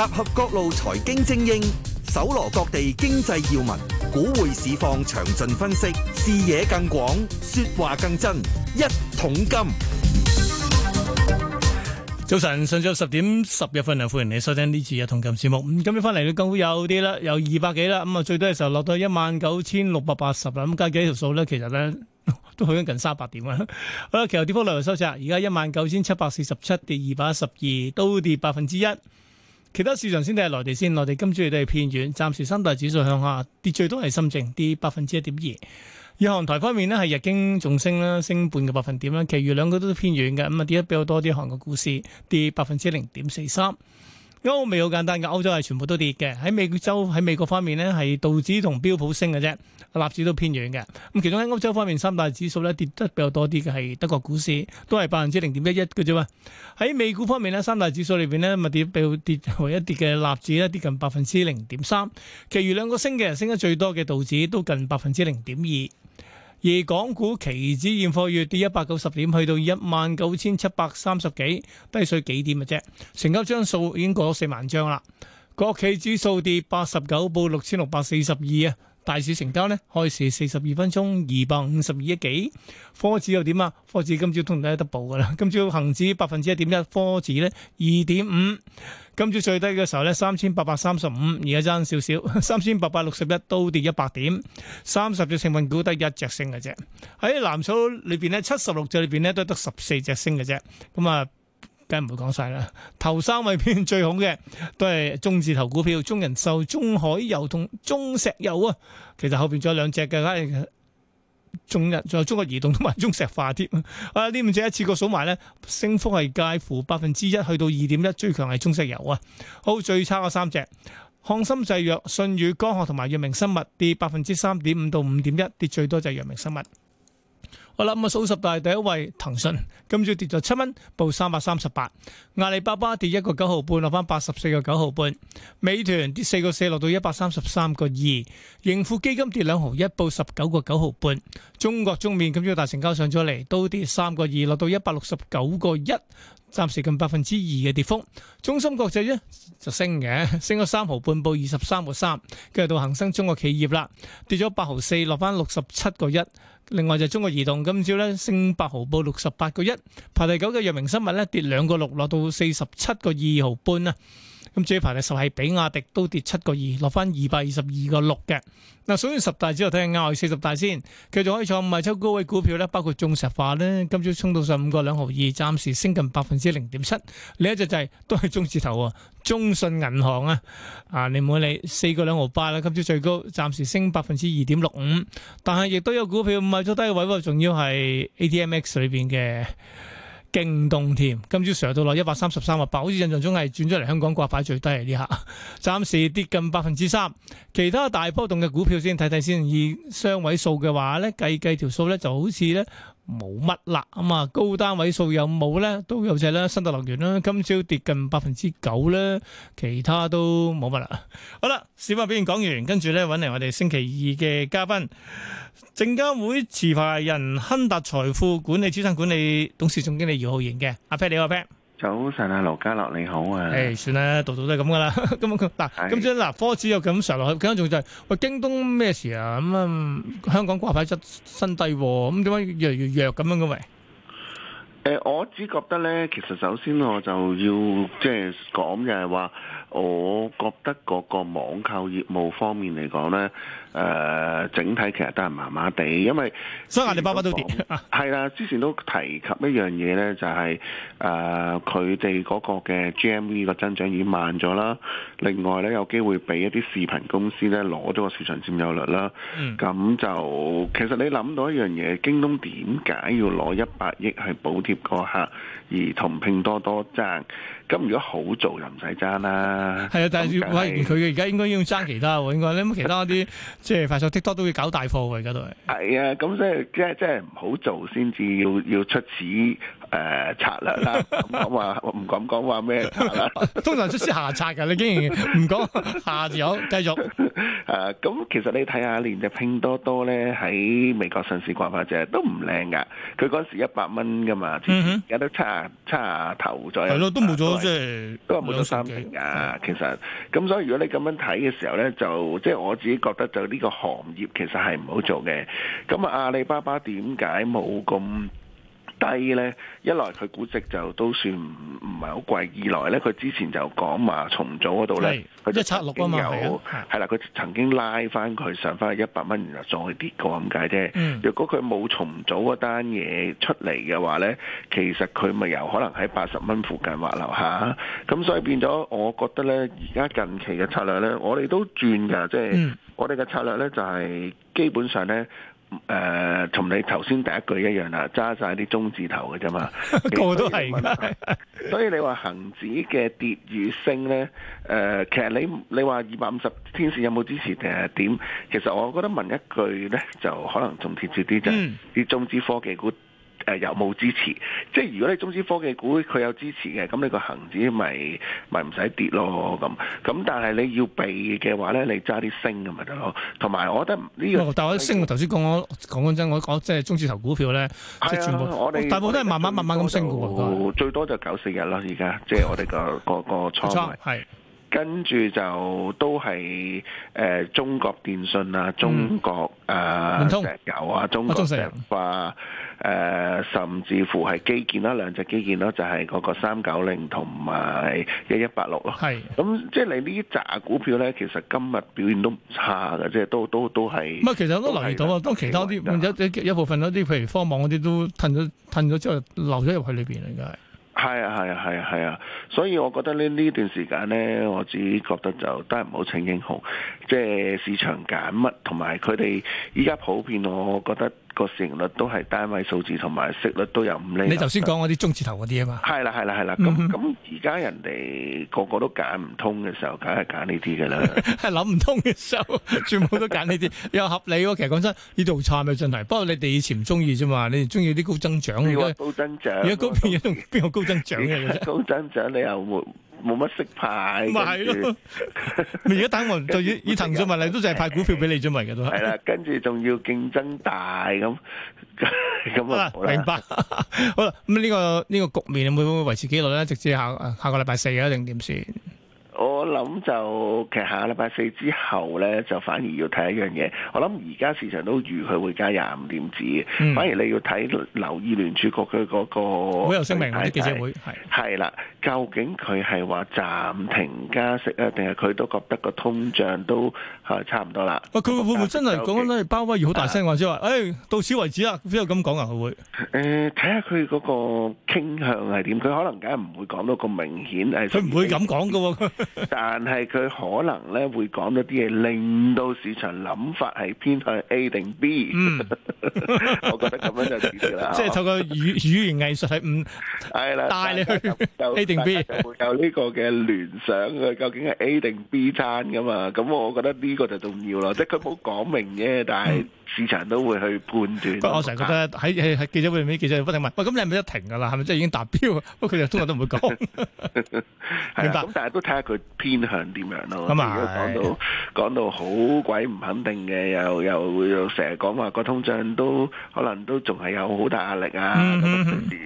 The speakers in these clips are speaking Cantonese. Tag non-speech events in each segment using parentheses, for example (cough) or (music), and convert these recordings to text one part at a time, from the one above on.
集合各路財經精英，搜羅各地經濟要聞，股匯市況詳盡分析，視野更廣，說話更真。一桶金早晨，上晝十點十一分啊，歡迎你收聽呢次一桶金節目。咁今日翻嚟咧，更好有啲啦，有二百幾啦。咁啊，最多嘅時候落到一萬九千六百八十啦。咁加幾條數咧，其實咧都去緊近三百點啦。好啦，其後跌幅來回收窄，而家一萬九千七百四十七，跌二百一十二，都跌百分之一。其他市場先睇下內地先，內地今朝亦都係偏軟，暫時三大指數向下，跌最多係深證跌百分之一點二。而韓台方面咧，係日經仲升啦，升半個百分點啦，其餘兩個都偏軟嘅，咁啊跌得比較多啲，韓國股市跌百分之零點四三。歐美好簡單嘅，歐洲係全部都跌嘅。喺美洲喺美國方面呢係道指同標普升嘅啫，納指都偏軟嘅。咁其中喺歐洲方面三大指數呢跌得比較多啲嘅係德國股市，都係百分之零點一一嘅啫嘛。喺美股方面呢三大指數裏邊呢，咪跌，比跌唯一跌嘅納指呢，跌近百分之零點三，其餘兩個升嘅人升得最多嘅道指都近百分之零點二。而港股期指現貨月跌一百九十點，去到一萬九千七百三十幾，低水幾點嘅啫。成交張數已經過咗四萬張啦。國企指數跌八十九，報六千六百四十二啊。大市成交咧，開市四十二分鐘，二百五十二億幾。科指又點啊？科指今朝都唔得補噶啦。今朝恒指百分之一點一，科指咧二點五。今朝最低嘅時候咧三千八百三十五，而家爭少少，三千八百六十一都跌一百點。三十隻成分股得一隻升嘅啫。喺藍籌裏邊咧，七十六隻裏邊咧都得十四隻升嘅啫。咁、嗯、啊～梗唔會講晒啦，頭三位表現最好嘅都係中字頭股票，中人壽、中海油同中石油啊。其實後邊仲有兩隻嘅，梗係仲有中國移動同埋中石化添。啊，呢五隻一次過數埋呢，升幅係介乎百分之一去到二點一，最強係中石油啊。好，最差嗰三隻，康心製藥、信宇光學同埋藥明生物跌百分之三點五到五點一，跌,跌,跌最多就係藥明生物。好啦，咁數十大第一位騰訊，今朝跌咗七蚊，報三百三十八。阿里巴巴跌一個九毫半，落翻八十四個九毫半。美團跌四個四，落到一百三十三個二。盈富基金跌兩毫一，報十九個九毫半。中國中免今朝大成交上咗嚟，都跌三個二，落到一百六十九個一，暫時近百分之二嘅跌幅。中芯國際呢就升嘅，升咗三毫半，報二十三個三。跟住到恒生中國企業啦，跌咗八毫四，落翻六十七個一。另外就中國移動，今朝咧升八毫，報六十八個一，排第九嘅藥明生物咧跌兩個六，落到四十七個二毫半啊。咁最排咧就係比亞迪都跌七個二，落翻，二百二十二個六嘅。嗱，數完十大之後睇下，額外四十大先，繼續可以坐五十二周高位股票咧，包括中石化咧，今朝衝到十五個兩毫二，暫時升近百分之零點七。另一隻就係、是、都係中字頭啊，中信銀行啊，啊你唔好理四個兩毫八啦，今朝最高，暫時升百分之二點六五。但係亦都有股票五十二周低位，仲要係 ATMX 裏邊嘅。勁凍添，今朝上到落一百三十三個八，好似印象中係轉咗嚟香港掛牌最低啊！呢下暫時跌近百分之三，其他大波動嘅股票先睇睇先，以雙位數嘅話咧，計計條數咧就好似咧。冇乜啦，咁啊高單位數又冇咧，都有隻啦，新特能源啦，今朝跌近百分之九啦，其他都冇乜啦。好啦，小馬表現講完，跟住咧揾嚟我哋星期二嘅嘉賓，證監會持牌人亨達財富管理資產管理董事總經理姚浩然嘅，阿 Peter。你好，阿早晨啊，劉家樂你好啊！誒，算啦，度度都係咁噶啦。咁咁嗱，咁先嗱，科指又咁上落去，今日仲就係喂京東咩事啊？咁啊，香港掛牌創新低，咁點解越嚟越弱咁樣嘅喂？誒，我只覺得咧，其實首先我就要即係講嘅係話。我覺得嗰個網購業務方面嚟講呢，誒、呃、整體其實都係麻麻地，因為所以阿里巴巴都點？係 (laughs) 啦，之前都提及一樣嘢呢，就係誒佢哋嗰個嘅 GMV 個增長已經慢咗啦。另外呢，有機會俾一啲視頻公司呢攞咗個市場占有率啦。咁、嗯、就其實你諗到一樣嘢，京東點解要攞一百億去補貼個客，而同拼多多爭？咁如果好做就唔使爭啦。係 (noise) 啊，但係要喂佢嘅，而家應該要爭其他喎，應該咧，咁其他啲即係快手、TikTok、 (laughs) 就是、都要搞大貨喎，而家都係，係啊，咁即係即係即係唔好做先至要要出紙。誒，策啦、呃、啦，唔敢話，唔 (laughs) 敢講話咩通常出先下策噶， (laughs) 你竟然唔講下有，繼續。誒 (laughs) 、啊，咁其實你睇下連隻拼多多咧喺美國上市掛牌就都唔靚噶。佢嗰時一百蚊噶嘛，而家都七啊七啊頭咗。係咯，都冇咗即係都係冇咗三成啊。其實咁，所以如果你咁樣睇嘅時候咧，就即係我自己覺得就呢個行業其實係唔好做嘅。咁啊，阿里巴巴點解冇咁？低呢，一來佢估值就都算唔唔係好貴，二來呢，佢之前就講話重組嗰度呢，佢啲策略啊係啦，佢曾經拉翻佢上翻去一百蚊，然後再跌過咁解啫。若、嗯、果佢冇重組嗰單嘢出嚟嘅話呢，其實佢咪有可能喺八十蚊附近滑流下。咁所以變咗，我覺得呢，而家近期嘅策略呢，我哋都轉噶，即、就、係、是、我哋嘅策略呢，就係、是、基本上呢。誒，同、呃、你頭先第一句一樣啊，揸晒啲中字頭嘅啫嘛，個個 (laughs) 都係。所以你話 (laughs) 恒指嘅跌與升咧，誒、呃，其實你你話二百五十天線有冇支持定係點？其實我覺得問一句咧，就可能仲貼住啲就啲中資科技股。誒有冇支持？即係如果你中資科技股佢有支持嘅，咁你個恒指咪咪唔使跌咯咁。咁但係你要避嘅話咧，你揸啲升嘅咪得咯。同埋我覺得呢個，但我升嘅頭先講，講真，我我即係中資投股票咧，係啊、哎呀，我哋大部分都係慢慢慢慢咁升嘅，最多就九四日啦，而家即係我哋個個個倉跟住就都係誒中國電信啊、中國誒石油啊、中國石化誒，甚至乎係基建啦，兩隻基建啦，就係嗰個三九零同埋一一八六咯。係咁，即係你呢一扎股票咧，其實今日表現都唔差㗎，即係都都都係。唔係，其實我都留意到啊，當其他啲有有部分嗰啲，譬如科網嗰啲都褪咗褪咗之後流咗入去裏邊啦，應該。係啊，係啊，係啊，係啊，所以我覺得呢呢段時間呢，我自己覺得就都係唔好逞英雄，即係市場揀乜，同埋佢哋依家普遍，我覺得。個成率都係單位數字，同埋息率都有五厘。你頭先講嗰啲中字頭嗰啲啊嘛。係啦係啦係啦。咁咁而家人哋個個都揀唔通嘅時候，梗係揀呢啲噶啦。係諗唔通嘅時候，全部都揀呢啲， (laughs) 又合理喎。其實講真，呢度差咪真係。不過你哋以前唔中意啫嘛，你哋中意啲高增長。你話高增長？如果高邊有邊有高增長嘅？高增長你又會？ (laughs) 冇乜識派，咪係咯。而家等我，就以以騰訊為例，都淨係派股票俾你咗咪嘅都。係啦，跟住仲要競爭大咁，咁啊 (laughs) 明白。 (laughs) 好啦，咁呢個呢個局面會唔會維持幾耐咧？直至下下個禮拜四啊，定點算？我諗就其實下個禮拜四之後咧，就反而要睇一樣嘢。我諗而家市場都預佢會加廿五點子，嗯、反而你要睇留意聯儲局佢嗰、嗰個。會有聲明啲在記者會係係啦，究竟佢係話暫停加息啊，定係佢都覺得個通脹都係、啊、差唔多啦？哇、啊！佢會唔會真係講緊係鮑威爾好大聲或者話？誒、啊哎，到此為止啦，邊有咁講啊！佢會誒睇下佢嗰個傾向係點？佢可能梗係唔會講到咁明顯係。佢唔會咁講㗎喎。 (laughs) 但係佢可能咧會講咗啲嘢，令到市場諗法係偏向 A 定 B。我覺得咁樣就係啦，即係透過語語言藝術係唔係啦，帶你去有 A 定 B，有呢個嘅聯想佢究竟係 A 定 B 餐噶嘛。咁我覺得呢個就重要咯。即係佢冇講明嘅，但係市場都會去判斷。不過我成日覺得喺喺記者會入面，記者不停問：喂，咁你係咪一停㗎啦？係咪即係已經達標？不過佢哋通常都唔會講。明白。咁但係都睇下佢。偏向點樣咯？如果講到講到好鬼唔肯定嘅，又又又成日講話個通脹都可能都仲係有好大壓力啊！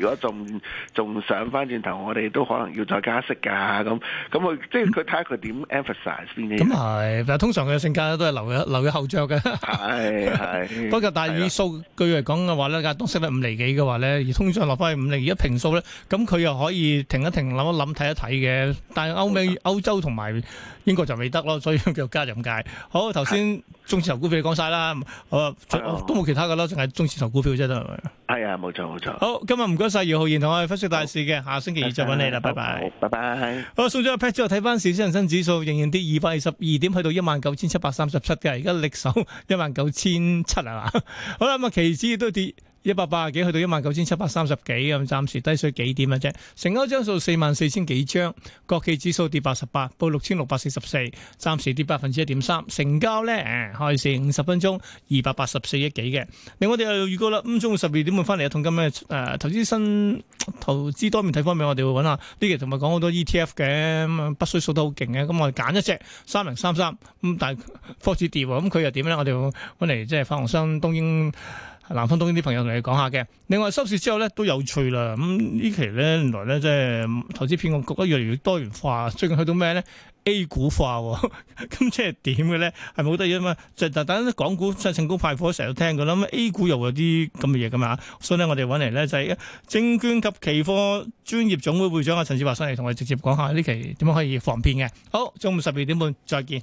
如果仲仲上翻轉頭，我哋都可能要再加息㗎，咁咁佢即係佢睇下佢點 emphasize 先。咁係，但係通常佢嘅性格都係留一留一後著嘅。係係。不過，但係以數據嚟講嘅話咧，加息率五釐幾嘅話咧，而通脹落翻去五釐，而家平數咧，咁佢又可以停一停，諗一諗，睇一睇嘅。但係歐美歐洲。同埋英國就未得咯，所以繼續加就咁解。好，頭先中字頭股票講晒啦，我都冇其他嘅啦，淨係中字頭股票啫，都咪？係啊，冇錯冇錯。好，是是哎、好，今日唔該晒姚浩然，同我哋分析大市嘅，下星期二再揾你啦，拜拜。拜拜。拜拜，好，送咗個 pat 之後，睇翻恆生指數仍然跌二百二十二點37，去到一萬九千七百三十七嘅，而家力守一萬九千七啊嘛。好啦，咁啊，期指都跌。一百八十幾去到一萬九千七百三十幾咁，暫時低水幾點嘅啫。成交張數四萬四千幾張，國企指數跌八十八，報六千六百四十四，暫時跌百分之一點三。成交咧，誒，開市五十分鐘二百八十四億幾嘅。另外我哋又預告啦，五中十二點半翻嚟一桶金嘅誒、呃、投資新投資多面睇方面，我哋會揾下。呢期同埋講好多 ETF 嘅，不需數都好勁嘅，咁我哋揀一隻三零三三咁，33，但係開始跌喎，咁佢又點咧？我哋揾嚟即係發行商東英。南方東英啲朋友同你講下嘅，另外收市之後咧都有趣啦。咁、嗯、呢期咧，原來咧即係投資騙局得越嚟越多元化。最近去到咩咧？A 股化、哦，咁、 (laughs) 嗯、即係點嘅咧？係咪好得意啊嘛！就就特登港股就係成功派貨，成日都聽嘅啦。咁、嗯、A 股又有啲咁嘅嘢嘅嘛？所以咧，我哋揾嚟咧就係、是、證券及期貨專業總會會長阿陳志華上嚟同我哋直接講下呢期點樣可以防騙嘅。好，中午十二點半再見。